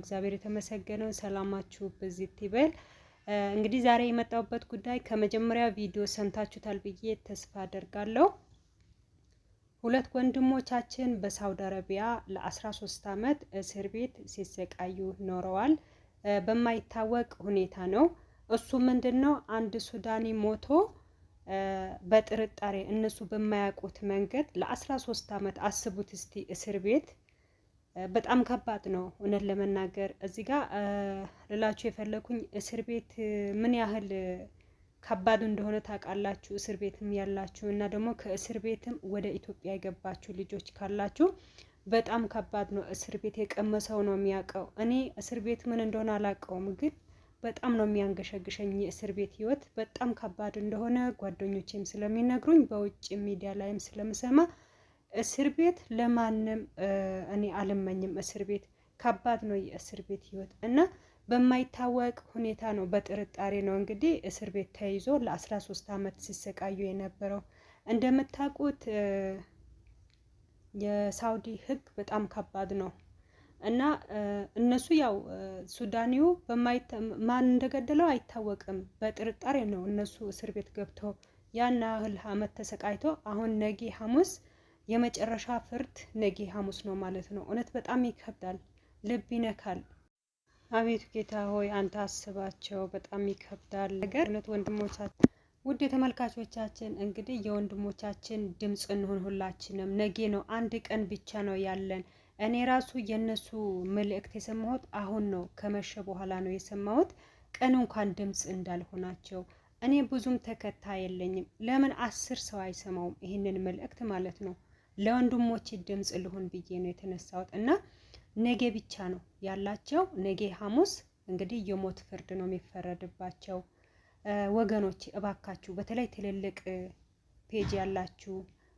እግዚአብሔር የተመሰገነው ሰላማችሁ በዚህ ይበል። እንግዲህ ዛሬ የመጣሁበት ጉዳይ ከመጀመሪያ ቪዲዮ ሰምታችሁታል ብዬ ተስፋ አደርጋለሁ። ሁለት ወንድሞቻችን በሳውዲ አረቢያ ለ13 ዓመት እስር ቤት ሲሰቃዩ ኖረዋል። በማይታወቅ ሁኔታ ነው። እሱ ምንድን ነው አንድ ሱዳኒ ሞቶ በጥርጣሬ እነሱ በማያውቁት መንገድ ለ13 ዓመት አስቡት እስቲ እስር ቤት በጣም ከባድ ነው። እውነት ለመናገር እዚህ ጋር ልላችሁ የፈለኩኝ እስር ቤት ምን ያህል ከባድ እንደሆነ ታውቃላችሁ። እስር ቤትም ያላችሁ እና ደግሞ ከእስር ቤትም ወደ ኢትዮጵያ የገባችሁ ልጆች ካላችሁ በጣም ከባድ ነው። እስር ቤት የቀመሰው ነው የሚያውቀው። እኔ እስር ቤት ምን እንደሆነ አላውቀውም፣ ግን በጣም ነው የሚያንገሸግሸኝ የእስር ቤት ህይወት በጣም ከባድ እንደሆነ ጓደኞቼም ስለሚነግሩኝ በውጭ ሚዲያ ላይም ስለምሰማ እስር ቤት ለማንም እኔ አልመኝም። እስር ቤት ከባድ ነው፣ የእስር ቤት ህይወት እና በማይታወቅ ሁኔታ ነው፣ በጥርጣሬ ነው እንግዲህ እስር ቤት ተይዞ ለ13 አመት ሲሰቃዩ የነበረው እንደምታውቁት የሳውዲ ህግ በጣም ከባድ ነው እና እነሱ ያው ሱዳኒው ማን እንደገደለው አይታወቅም። በጥርጣሬ ነው እነሱ እስር ቤት ገብተው ያን ያህል አመት ተሰቃይቶ አሁን ነጌ ሐሙስ የመጨረሻ ፍርድ ነገ ሐሙስ ነው ማለት ነው። እውነት በጣም ይከብዳል፣ ልብ ይነካል። አቤቱ ጌታ ሆይ አንተ አስባቸው። በጣም ይከብዳል ነገር እውነት ወንድሞቻችን ውድ የተመልካቾቻችን እንግዲህ የወንድሞቻችን ድምፅ እንሆን ሁላችንም። ነጌ ነው አንድ ቀን ብቻ ነው ያለን። እኔ ራሱ የእነሱ መልእክት የሰማሁት አሁን ነው፣ ከመሸ በኋላ ነው የሰማሁት። ቀን እንኳን ድምፅ እንዳልሆናቸው እኔ ብዙም ተከታይ የለኝም። ለምን አስር ሰው አይሰማውም ይህንን መልእክት ማለት ነው? ለወንድሞች ድምፅ ልሆን ብዬ ነው የተነሳሁት እና ነገ ብቻ ነው ያላቸው። ነገ ሐሙስ እንግዲህ የሞት ፍርድ ነው የሚፈረድባቸው። ወገኖች እባካችሁ በተለይ ትልልቅ ፔጅ ያላችሁ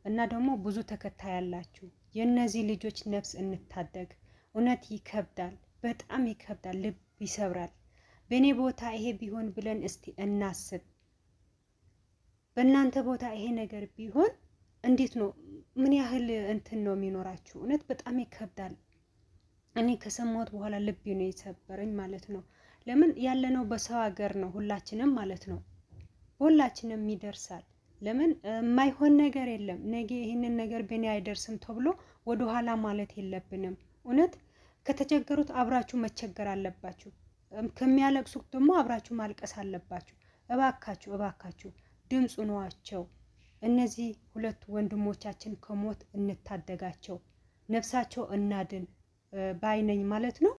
እና ደግሞ ብዙ ተከታይ ያላችሁ የእነዚህ ልጆች ነፍስ እንታደግ። እውነት ይከብዳል፣ በጣም ይከብዳል፣ ልብ ይሰብራል። በእኔ ቦታ ይሄ ቢሆን ብለን እስቲ እናስብ። በእናንተ ቦታ ይሄ ነገር ቢሆን እንዴት ነው ምን ያህል እንትን ነው የሚኖራችሁ? እውነት በጣም ይከብዳል። እኔ ከሰማሁት በኋላ ልቤ ነው የሰበረኝ ማለት ነው። ለምን ያለነው በሰው ሀገር ነው ሁላችንም ማለት ነው። ሁላችንም ይደርሳል። ለምን የማይሆን ነገር የለም። ነገ ይህንን ነገር በእኔ አይደርስም ተብሎ ወደኋላ ማለት የለብንም። እውነት ከተቸገሩት አብራችሁ መቸገር አለባችሁ። ከሚያለቅሱት ደግሞ አብራችሁ ማልቀስ አለባችሁ። እባካችሁ እባካችሁ ድምፁ ነዋቸው። እነዚህ ሁለት ወንድሞቻችን ከሞት እንታደጋቸው፣ ነፍሳቸው እናድን ባይነኝ ማለት ነው።